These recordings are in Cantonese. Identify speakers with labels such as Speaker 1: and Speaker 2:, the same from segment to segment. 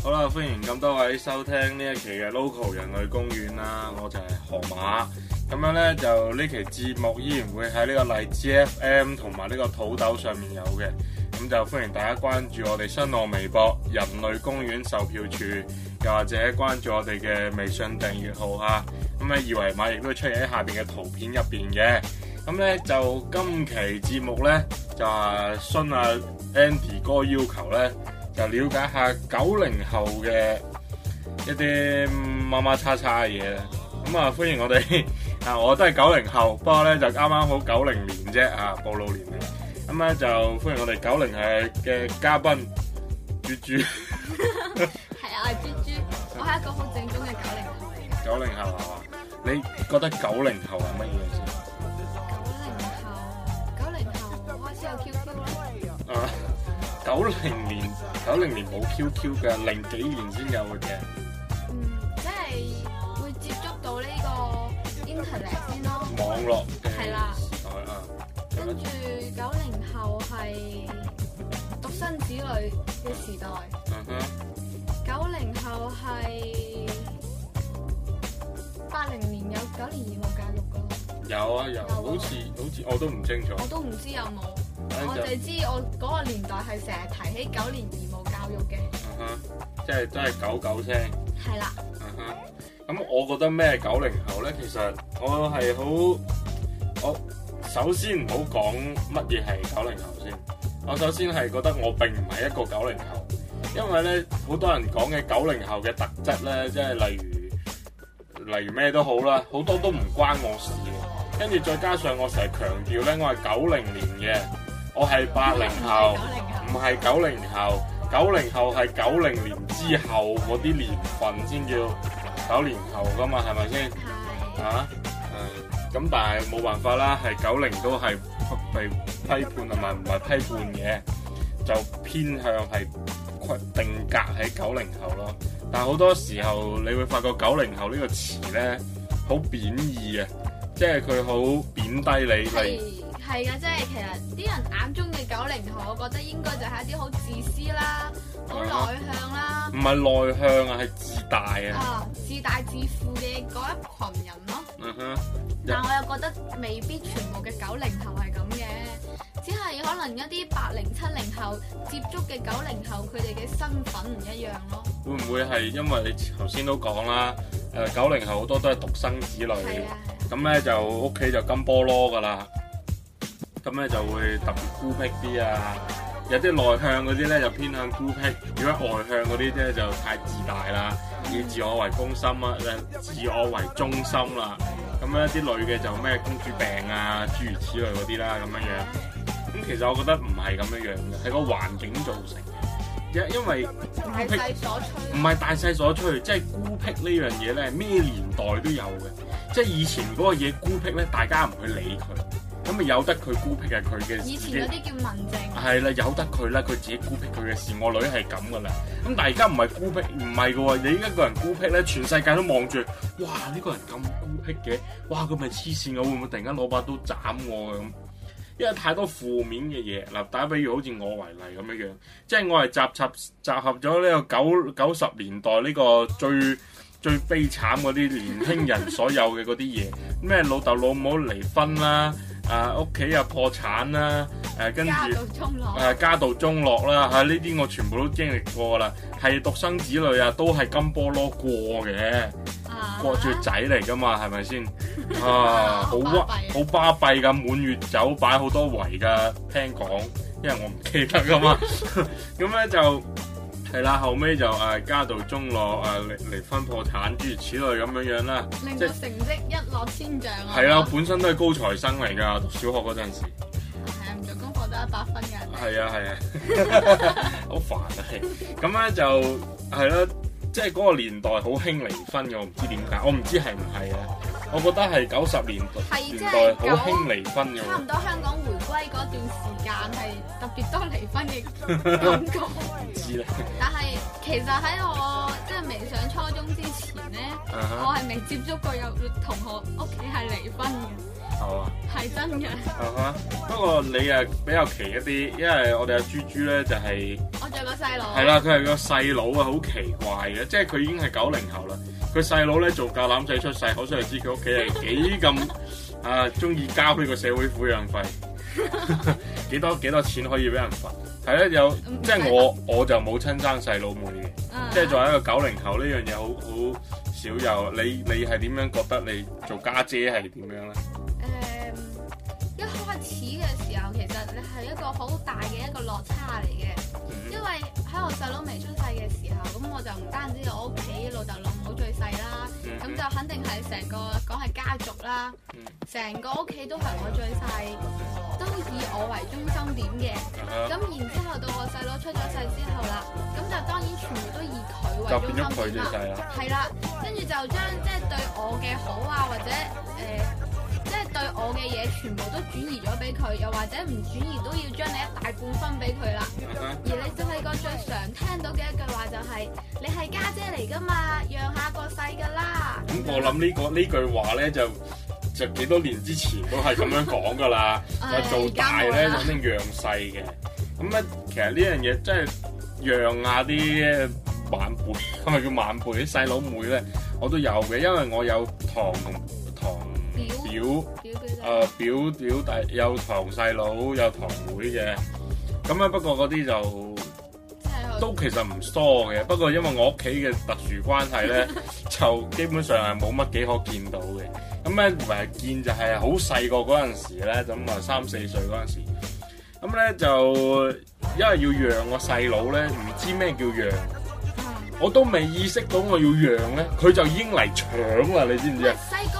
Speaker 1: 好啦，歡迎咁多位收聽呢一期嘅 Local 人類公園啦，我就係河馬。咁樣咧就呢期節目依然會喺呢個荔枝 FM 同埋呢個土豆上面有嘅，咁就歡迎大家關注我哋新浪微博人類公園售票處，又或者關注我哋嘅微信訂閱號啊。咁嘅二維碼亦都出現喺下邊嘅圖片入邊嘅。咁咧就今期節目咧就係順阿 Andy 哥要求咧。就了解下九零後嘅一啲乜乜叉叉嘅嘢啦，咁、嗯、啊歡迎我哋啊，我都係九零後。不過咧就啱啱好九零年啫啊，暴露年齡。咁、嗯、咧就歡迎我哋九零後嘅嘅嘉賓。豬豬係啊，豬
Speaker 2: 豬，我係一個好正宗
Speaker 1: 嘅九零後，九零後係嘛，你覺得九零後係乜嘢？九零年，九零年冇 QQ 嘅，零幾年先有嘅。嗯，
Speaker 2: 即係會接觸到呢個 Internet 先咯。網
Speaker 1: 絡嘅時代啊。
Speaker 2: 跟住九零後係獨生子女嘅時代。嗯哼。九零後係八零年有九年義務教
Speaker 1: 育噶咯。有啊有，好似好似我都唔清楚。我
Speaker 2: 都唔知有冇。我哋
Speaker 1: 知，我嗰個年代係成日提起九年義務教育嘅，嗯哼、uh-huh. 即係都係九九聲，係啦、uh，嗯哼，咁我覺得咩九零後咧？其實我係好，我首先唔好講乜嘢係九零後先。我首先係覺得我並唔係一個九零後，因為咧好多人講嘅九零後嘅特質咧，即係例如例如咩都好啦，好多都唔關我事。跟住再加上我成日強調咧，我係九零年嘅。我係八零後，唔係九零後。九零後係九零年之後嗰啲年份先叫九零後㗎嘛，係咪先？啊，嗯。咁但係冇辦法啦，係九零都係被批判同埋唔係批判嘅，就偏向係定格喺九零後咯。但係好多時候，你會發覺九零後呢個詞呢，好貶義呀，即係佢好貶低你係。
Speaker 2: 係啊，即係其實啲人眼中嘅九零後，我覺得應該就係一啲好自私啦，好內向啦。
Speaker 1: 唔係、嗯、內向啊，係自大啊。哦，
Speaker 2: 自大自負嘅嗰一群人咯。哼、
Speaker 1: 嗯。但
Speaker 2: 我又覺得未必全部嘅九零後係咁嘅，只係可能一啲八零七零後接觸嘅九零後，佢哋嘅身份唔一樣咯。
Speaker 1: 會唔會係因為你頭先都講啦？誒，九零後好多都係獨生子女，咁咧係嘅就屋企就金菠蘿噶啦。咁咧就會特別孤僻啲啊，有啲內向嗰啲咧就偏向孤僻；如果外向嗰啲咧就太自大啦，以自我為中心啊，自我為中心啦、啊。咁咧啲女嘅就咩公主病啊，諸如此類嗰啲啦，咁樣樣。咁其實我覺得唔係咁樣樣嘅，係個環境造成嘅。因因為孤僻，唔係大勢所趨，即係孤僻呢樣嘢咧，咩年代都有嘅。即係以前嗰個嘢孤僻咧，大家唔去理佢。咁咪有得佢孤僻係佢嘅事。以前嗰啲
Speaker 2: 叫文靜。係
Speaker 1: 啦，有得佢啦，佢自己孤僻佢嘅事。我女係咁噶啦。咁但係而家唔係孤僻，唔係噶。你而家一個人孤僻咧，全世界都望住。哇！呢個人咁孤僻嘅，哇！佢咪黐線，我會唔會突然間攞把刀斬我咁？因為太多負面嘅嘢。嗱，打比如好似我為例咁樣，即係我係集集集合咗呢個九九十年代呢個最最悲慘嗰啲年輕人所有嘅嗰啲嘢。咩 老豆老母離婚啦？啊！屋企又破產啦，啊，誒、啊、跟住誒家道中落啦，嚇呢啲我全部都經歷過啦。係獨生子女啊，都係金菠蘿過嘅，過住仔嚟噶嘛，係咪先？啊，好屈，好巴閉噶， 滿月酒擺好多圍噶，啊，聽講，因為我唔記得噶嘛，咁 咧 就。係啦，後尾就誒家道中落，誒、啊、離離婚破產諸如此類咁樣樣啦。令
Speaker 2: 到成績一落千丈啊！係
Speaker 1: 啊，本身都係高材生嚟㗎，讀小學嗰陣時。係
Speaker 2: 啊，唔做功課得一百分嘅。
Speaker 1: 係啊係啊， 好煩啊！咁咧就係啦，即係嗰個年代好興離婚嘅。我唔知點解，我唔知係唔係啊！我覺得係九十年代的年代好興離婚嘅。差唔
Speaker 2: 多香港威嗰段時間係特別多離婚嘅感覺，
Speaker 1: 知啦道。但
Speaker 2: 係其實喺我即係未上初中
Speaker 1: 之前咧，uh huh. 我係未接觸過有同學屋企係離婚嘅。係嘛、uh？係、huh. 真嘅。Uh huh. 不過你誒比較奇一啲，因
Speaker 2: 為我哋阿豬豬咧就係、是、我
Speaker 1: 仲有個細佬。係啦，佢係個細佬啊，好奇怪嘅，即係佢已經係九零後啦。佢細佬咧做教攬仔出世，好想嚟知佢屋企係幾咁啊中意交呢個社會撫養費。幾 多幾多錢可以俾人罰？係咧，有即係我、嗯、我就冇親生細佬妹嘅，嗯、即係作為一個九零後呢樣嘢，好、這、好、個、少有。你你係點樣覺得？你做家姐係點樣咧？誒、嗯，一開始
Speaker 2: 嘅時候其實你係一個好大嘅一個落差嚟嘅，因為喺我細佬未出世嘅時候，咁我就唔單止我屋企老豆老。係啦，咁就肯定係成個講係家族啦，成、嗯、個屋企都係我最細，都以我為中心點嘅。咁、嗯、哼然之後到我細佬出咗世之後啦，咁就當然全部都以佢為中心點啦。係、啊、啦，跟住就將即係對我嘅好啊，或者誒。呃即係對我嘅嘢全部都轉移咗俾佢，又或者唔
Speaker 1: 轉移都要將你一大半分俾佢啦。Uh huh. 而你就係個最常聽到嘅一句話就係、係：你係家姐嚟噶嘛，讓下個細噶啦。咁我諗呢個呢句話咧就就幾多年之前都係咁樣講噶啦。 嗯、做大咧肯定讓細嘅。咁咧其實呢樣嘢真係讓下啲晚輩，係、啊、咪叫晚輩啲細佬妹咧？我都有嘅，因為我有堂。呃、表，誒表表弟有堂細佬有堂妹嘅，咁咧，不過嗰啲就都其實唔疏嘅，不過因為我屋企嘅特殊關係咧， 就基本上係冇乜幾可見到嘅。咁咧唔係見就係好細個嗰陣時咧，咁啊三四歲嗰陣時，咁咧就因為要讓個細佬咧，唔知咩叫讓， 我都未意識到我要讓咧，佢就已經嚟搶啦，你知唔知啊？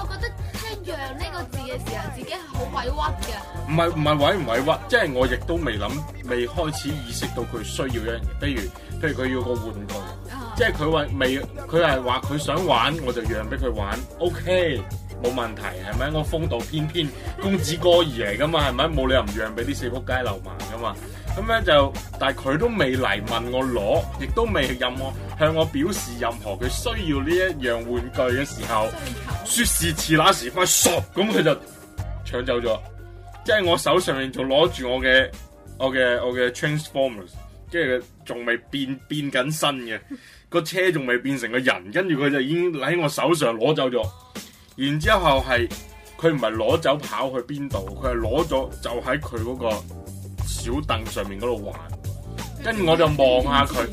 Speaker 1: 委屈嘅，唔係唔係委唔委屈， 即係我亦都未諗，未開始意識到佢需要一樣嘢，譬如譬如佢要個玩具，uh huh。即係佢話未，佢係話佢想玩，我就讓俾佢玩，OK，冇問題，係咪？我風度翩翩，公子哥兒嚟噶嘛，係咪？冇 理由唔讓俾啲四仆街流氓噶嘛，咁咧就，但係佢都未嚟問我攞，亦都未任何向我表示任何佢需要呢一樣玩具嘅時候，説是醜遲那時快唰咁佢就。搶走咗，即係我手上面仲攞住我嘅，我嘅，我嘅 Transformers，跟住仲未變變緊身嘅，個車仲未變成個人，跟住佢就已經喺我手上攞走咗，然之後係佢唔係攞走跑去邊度，佢係攞咗就喺佢嗰個小凳上面嗰度玩，跟住我就望下佢，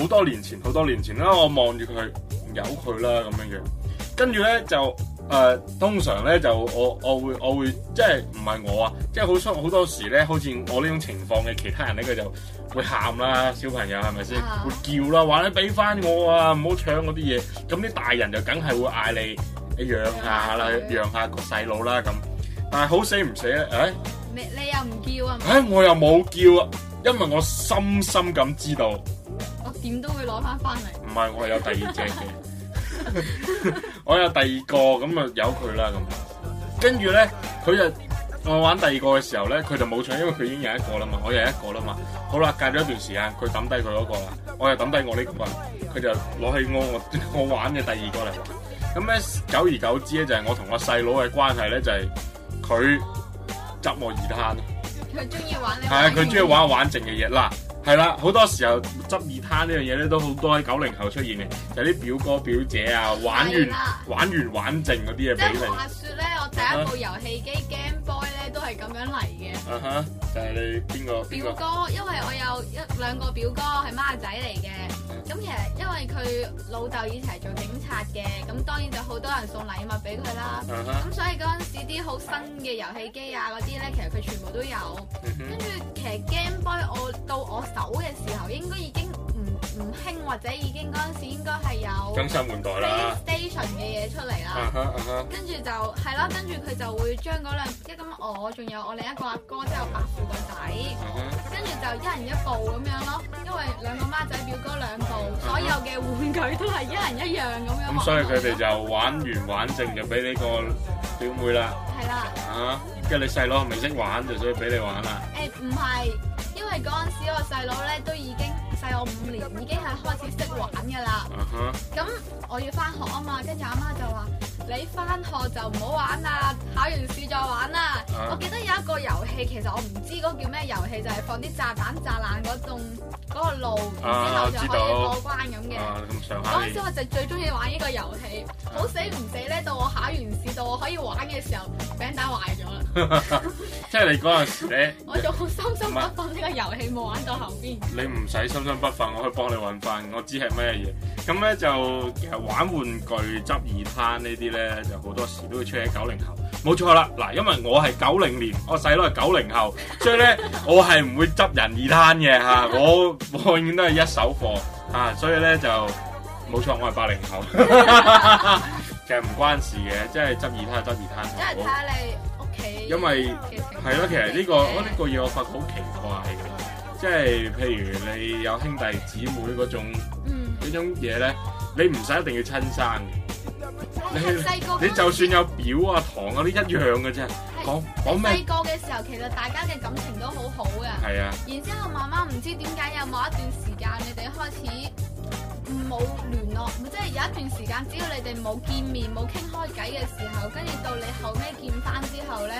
Speaker 1: 好多年前，好多年前啦，我望住佢，由佢啦咁樣嘅。跟住咧就。誒、uh, 通常咧就我我會我會即係唔係我啊，即係好出好多時咧，好似我呢種情況嘅其他人咧，佢就會喊啦，小朋友係咪先、uh, 會叫啦，話你俾翻我啊，唔好搶我啲嘢。咁啲大人就梗係會嗌你你讓下啦，讓下個細佬啦咁。但係好死唔死咧，誒、欸、你你
Speaker 2: 又唔叫啊？誒、
Speaker 1: 欸、我又冇叫啊，因為我深深咁知道，
Speaker 2: 我點都會攞翻
Speaker 1: 翻嚟。唔係我有第二隻嘅。 我有第二個咁啊，由佢啦咁。跟住咧，佢就我玩第二個嘅時候咧，佢就冇搶，因為佢已經有一個啦嘛，我有一個啦嘛。好啦，隔咗一段時間，佢抌低佢嗰個啦，我又抌低我呢個，佢就攞起我我玩嘅第二個嚟玩。咁咧，久而久之咧，就係我同我細佬嘅關係咧，就係佢執我二攤。佢中
Speaker 2: 意玩，係啊，佢
Speaker 1: 中意玩玩剩嘅嘢啦。係啦，好多時候執二攤呢樣嘢咧，都好多喺九零後出現嘅，有、就、啲、是、表哥表姐啊，玩完了玩完玩剩嗰啲嘢俾你。真係話
Speaker 2: 說咧，我第一部遊戲機、uh huh. Game Boy 咧都係咁樣嚟嘅。Uh
Speaker 1: huh. 就係你邊個？表哥，
Speaker 2: 誰因為我有一兩個表哥係孖仔嚟嘅，咁、uh huh. 其實因為佢老豆以前係做警察嘅，咁當然就好多人送禮物俾佢啦。咁、uh huh. 所以嗰陣時啲好新嘅遊戲機啊嗰啲咧，其實佢全部都有，跟住、uh。Huh. 到我手嘅時候，應該已經唔唔興，或者已經嗰陣時應該係有更新換代啦。Station 嘅嘢出嚟啦。跟住就係咯，跟住佢就會將嗰兩，即咁我仲有我另一個阿哥，即係我伯父個仔。跟住就一人一部咁樣咯，因為兩個孖仔表哥兩部，所有嘅玩具都係一人一樣咁樣。所
Speaker 1: 以佢哋就玩完玩剩就俾呢個表妹啦。
Speaker 2: 係啦。啊，
Speaker 1: 跟住你細佬明星玩，就所以俾你玩啦。
Speaker 2: 誒，唔係。因為嗰陣時我細佬咧都已經細我五年，已經係開始識玩噶啦。咁、uh huh. 我要翻學啊嘛，跟住阿媽就話：你翻學就唔好玩啦，考完試再玩啦。Uh huh. 我記得有一個遊戲，其實我唔知嗰個叫咩遊戲，就係、是、放啲炸彈炸爛嗰種。嗰個路，然之後、啊、就可以過
Speaker 1: 關咁嘅。嗰陣、啊、時我就
Speaker 2: 最中意玩呢個遊戲，好死唔死咧，到我考完試到我
Speaker 1: 可以玩嘅時候，餅打壞咗啦。即係 你嗰陣
Speaker 2: 時咧，欸、 我仲深深不忿呢個遊戲冇麼玩到後邊。
Speaker 1: 你唔使深深不忿，我可以幫你揾翻。我知係咩嘢咁咧，就其實玩玩具、執二攤呢啲咧，就好多時都會出現喺九零後。冇錯啦，嗱，因為我係九零年，我細佬係九零後，所以咧 我係唔會執人二攤嘅嚇，我永遠都係一手貨啊，所以咧就冇錯，我係八零後， 其實唔關事嘅，即係執二攤就執二攤。即係睇下你屋企。因為係咯，為其實呢、呢個我呢、 哦呢個嘢我發覺好奇怪嘅，即係譬如你有兄弟姊妹嗰種嗰、嗯、種嘢咧，你唔使一定要親生。你，你就算有表啊、堂啊啲一樣嘅啫，講講咩？細
Speaker 2: 個嘅時候，其實大家嘅感情都好好嘅。係啊，然之後慢慢唔知點解有某一段時間，你哋開始冇聯絡，即係有一段時間，只要你哋冇見面、冇傾開偈嘅時候，跟住到你後尾見翻之後咧，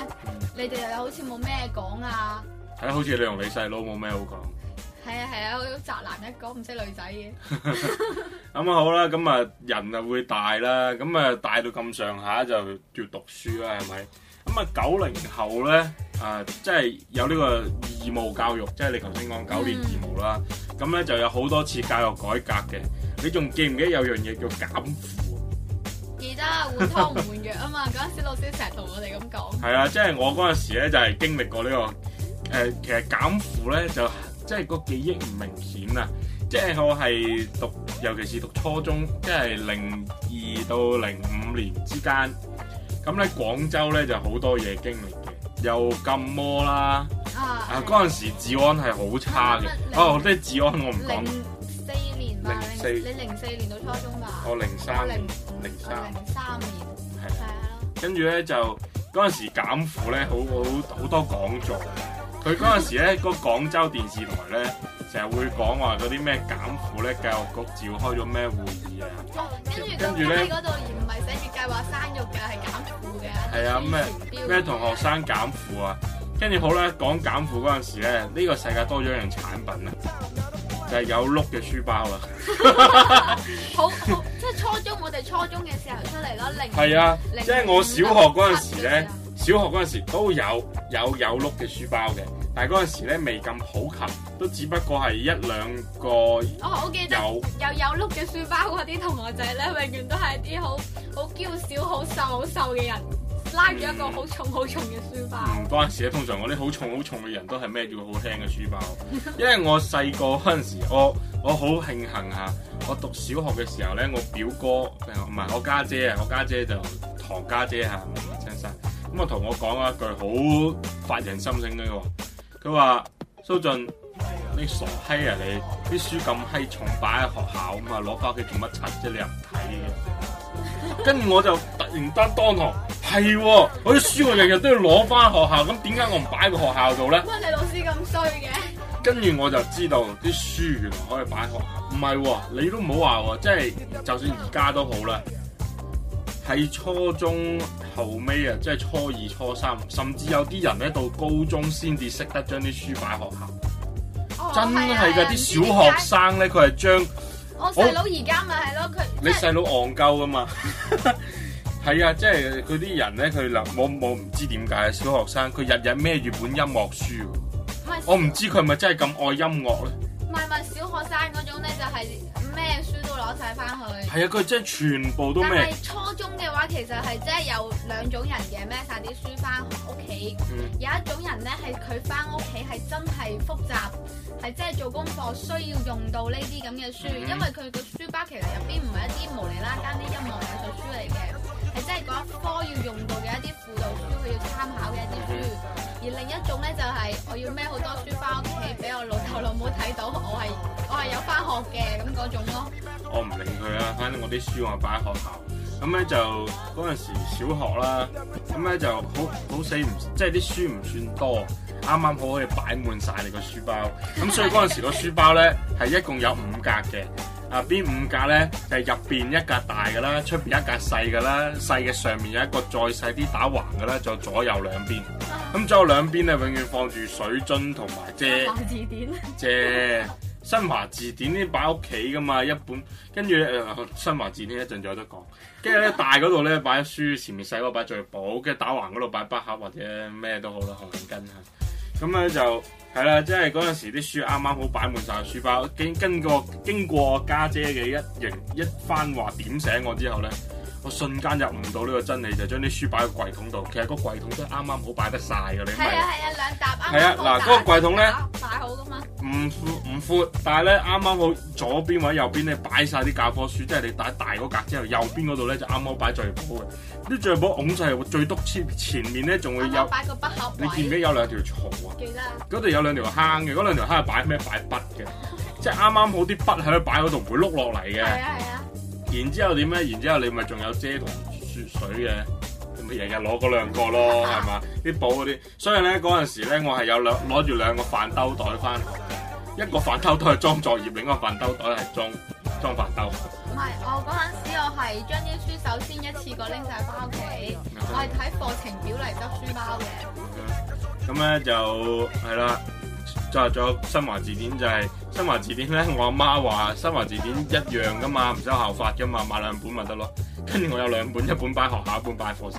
Speaker 2: 你哋又好似冇咩講啊。
Speaker 1: 係好似你同你細佬冇咩好講。
Speaker 2: 係啊係啊，好宅
Speaker 1: 男一個，唔識女仔嘅。咁啊好啦，咁啊人啊會大啦，咁啊大到咁上下就要讀書啦，係咪？咁啊九零後咧，啊即係有呢個義務教育，即係你頭先講九年義務教育啦。咁咧就有好多次教育改革嘅，你仲記唔記得有樣嘢叫減負？記得換湯唔
Speaker 2: 換藥啊嘛，嗰陣時老師成日
Speaker 1: 同我哋咁講。係啊，即係我嗰陣時咧就係經歷過呢個，誒其實減負咧就。即係個記憶唔明顯啊！即係我係讀，尤其是讀初中，即係零二到零五年之間。咁咧，廣州咧就好多嘢經歷嘅，又禁摩啦，
Speaker 2: 啊嗰陣、
Speaker 1: 啊、時治安係好差嘅。哦，即、啊、治安我唔講。零四年零四，你零
Speaker 2: 四年到初中吧？哦，零三，零三，零三年，
Speaker 1: 係咯。跟住咧就嗰陣時減負咧，好好好多講座。佢嗰陣時咧，個廣州電視台咧成日會講話嗰啲咩減負咧，教育局召開咗咩會議啊？哦、跟住咧，喺嗰
Speaker 2: 度而唔係寫住計劃生育嘅，係減負嘅。係啊，咩咩同學生
Speaker 1: 減負啊？跟住好啦，講減負嗰陣時咧，呢個世界多咗一樣產品啊，就係有碌嘅書包啊。好 好，
Speaker 2: 即係初中，我哋初中嘅時候出嚟攞零。係啊，即係 0 5 我小
Speaker 1: 學嗰陣時咧。小學嗰陣時都有有有碌嘅書包嘅，但係嗰陣時咧未咁普及，都只不過係一兩個有、哦、我記得有有碌嘅書包嗰啲同學仔咧，永遠都係啲好好嬌小、好瘦好瘦嘅人，拉住一個好重
Speaker 2: 好、嗯、重嘅書包。唔、嗯、
Speaker 1: 關事咧，通常我啲好重好重嘅人都係孭住好輕嘅書包， 因為我細個嗰陣時，我我好慶幸啊！我讀小學嘅時候咧，我表哥唔係我家姐啊，我家姐就堂家姐吓。咁啊，同我講一句好發人心聲嘅喎、哦，佢話：蘇俊，你傻閪啊你！啲書咁閪重擺喺學校啊嘛，攞翻屋企做乜柒啫？你又唔睇嘅。 跟住我就突然間當堂係、 哦，我啲書我日日都要攞翻學校，咁點解我唔擺喺個學校度咧？
Speaker 2: 乜你老師咁衰嘅？
Speaker 1: 跟住我就知道啲書原來可以擺學校，唔係喎，你都唔好話喎，即、就、係、是、就算而家都好啦，喺初中。後尾啊，即係初二、初三，甚至有啲人咧到高中先至識得將啲書擺學校。哦、真係噶，啲小學生咧，佢係將
Speaker 2: 我細佬而家咪係咯，佢
Speaker 1: 你細佬戇鳩噶嘛？係 啊，即係佢啲人咧，佢我我唔知點解小學生佢日日孭住本音樂書，
Speaker 2: 我唔知佢係
Speaker 1: 咪真係咁愛音樂咧？
Speaker 2: 唔係問小學生嗰種咧，就係、是、咩書都攞晒翻去。係
Speaker 1: 啊，佢真係全部都咩？但係
Speaker 2: 初中嘅話，其實係真係有兩種人嘅，孭晒啲書翻屋企。嗯、有一種人咧，係佢翻屋企係真係複雜，係真係做功課需要用到呢啲咁嘅書，嗯、因為佢個書包其實入邊唔係一啲無釐啦間啲音樂藝術書嚟嘅，係真係嗰一科要用到嘅一啲輔導書，佢要參考嘅一啲書。嗯、而另一種咧就係、是、我要孭好多書包。
Speaker 1: 我冇睇到，我係我係有翻學嘅咁嗰種咯。我唔理佢啊。反正我啲書我擺喺學校。咁咧就嗰陣時小學啦，咁咧就好好死唔，即係啲書唔算多，啱啱好可以擺滿晒你個書包。咁所以嗰陣時個書包咧係一共有五格嘅。啊，邊五格咧就係入邊一格大嘅啦，出邊一格細嘅啦，細嘅上面有一個再細啲打橫嘅啦，就左右兩邊。咁左右兩邊咧，永遠放住水樽同埋借
Speaker 2: 字典、
Speaker 1: 借新華字典呢，擺屋企噶嘛一本。跟住、呃，新華字典一陣就有得講。跟住咧，大嗰度咧擺書，前面細嗰擺最薄。跟住打橫嗰度擺筆盒或者咩都好啦，紅領巾啊。咁咧就係啦，即係嗰陣時啲書啱啱好擺滿晒，書包。經經過經過家姐嘅一型一番話點醒我之後咧。我瞬間入唔到呢個真理，就將啲書擺喺櫃桶度。其實嗰櫃桶都係啱啱好擺得晒嘅你。係啊係啊，兩沓啱啱
Speaker 2: 好。啊，嗱，嗰個櫃桶咧，擺好嘅
Speaker 1: 嘛。唔闊唔闊，但係咧啱啱好左邊或者右邊咧擺晒啲教科書，即係你擺大嗰格之後，右邊嗰度咧就啱啱好擺作業簿嘅。啲作業簿拱曬，最篤前面咧仲會有，
Speaker 2: 擺個筆盒。你記唔記
Speaker 1: 有兩條槽？啊？記
Speaker 2: 得。
Speaker 1: 嗰度有兩條坑嘅，嗰兩條坑係擺咩？擺筆嘅， 即係啱啱好啲筆喺度擺嗰度唔會碌落嚟嘅。係啊係啊。然之後點咧？然之後你咪仲有遮同雪水嘅，你咪日日攞嗰兩個咯，係嘛？啲簿嗰啲，所以咧嗰陣時咧，我係有兩攞住兩個飯兜袋翻嚟，一個飯兜袋係裝作業，另一個飯兜袋係裝裝飯兜。唔
Speaker 2: 係，我嗰陣時我係將啲書首
Speaker 1: 先一次過拎晒翻屋企。 我係睇課程表嚟執書包嘅。咁咧、嗯、就係啦、嗯嗯嗯嗯嗯，就係咗《嗯嗯嗯嗯、有有新華字典》就係、是。新華字典咧，我阿媽話新華字典一樣噶嘛，唔使校法噶嘛，買兩本咪得咯。跟住我有兩本，一本擺學校，一本擺課室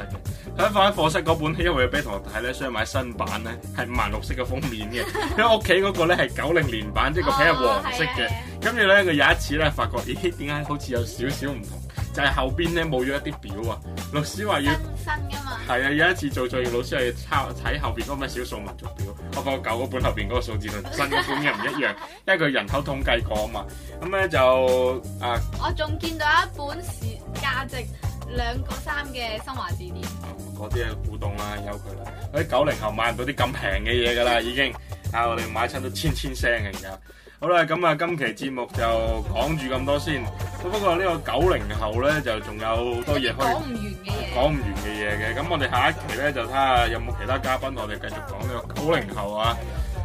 Speaker 1: 嘅。放喺課室嗰本，因為要俾同學睇咧，所以買新版咧，係五顏六色嘅封面嘅。因為屋企嗰個咧係九零年版，即係個皮係黃色嘅。跟住咧，佢有一次咧發覺，咦？點解好似有少少唔同？就係後邊咧冇咗一啲表啊！老師話要。係啊，有一次做作業，老師係抄睇後邊嗰咩少數民族表，我發覺舊嗰本後邊嗰個數字同新嗰本又唔一樣， 因為佢人口統計過啊嘛。咁咧就啊，
Speaker 2: 我仲見到一本是價值兩個三嘅《新
Speaker 1: 華字典》嗯。嗰啲係古董啦，有佢啦，我啲九零後買唔到啲咁平嘅嘢噶啦，已經啊，我哋買親都千千聲嘅而家。好啦，咁啊，今期節目就講住咁多先。不過呢個九零後咧，就仲有好多嘢可以講唔完嘅嘢嘅，咁我哋下一期咧就睇下有冇其他嘉賓，我哋繼續講呢個九零後啊。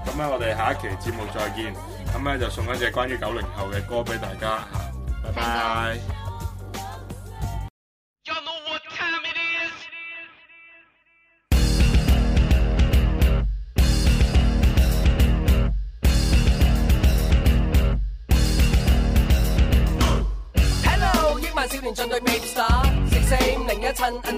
Speaker 1: 咁咧，我哋下一期節目再見。咁咧就送一隻關於九零後嘅歌俾大家吓，拜拜。拜拜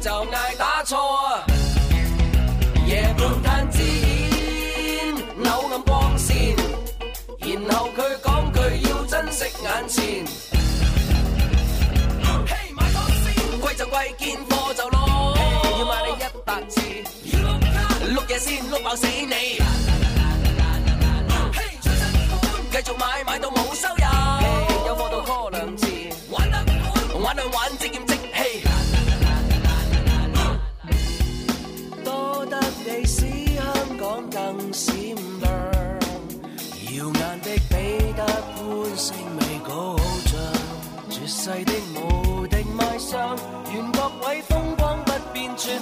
Speaker 3: 就挨打錯，夜半嘆枝煙扭暗光線，然後佢講佢要珍惜眼前。嘿，買多先，貴就貴見貨就攞，要買你一百次，碌嘢先碌爆死你。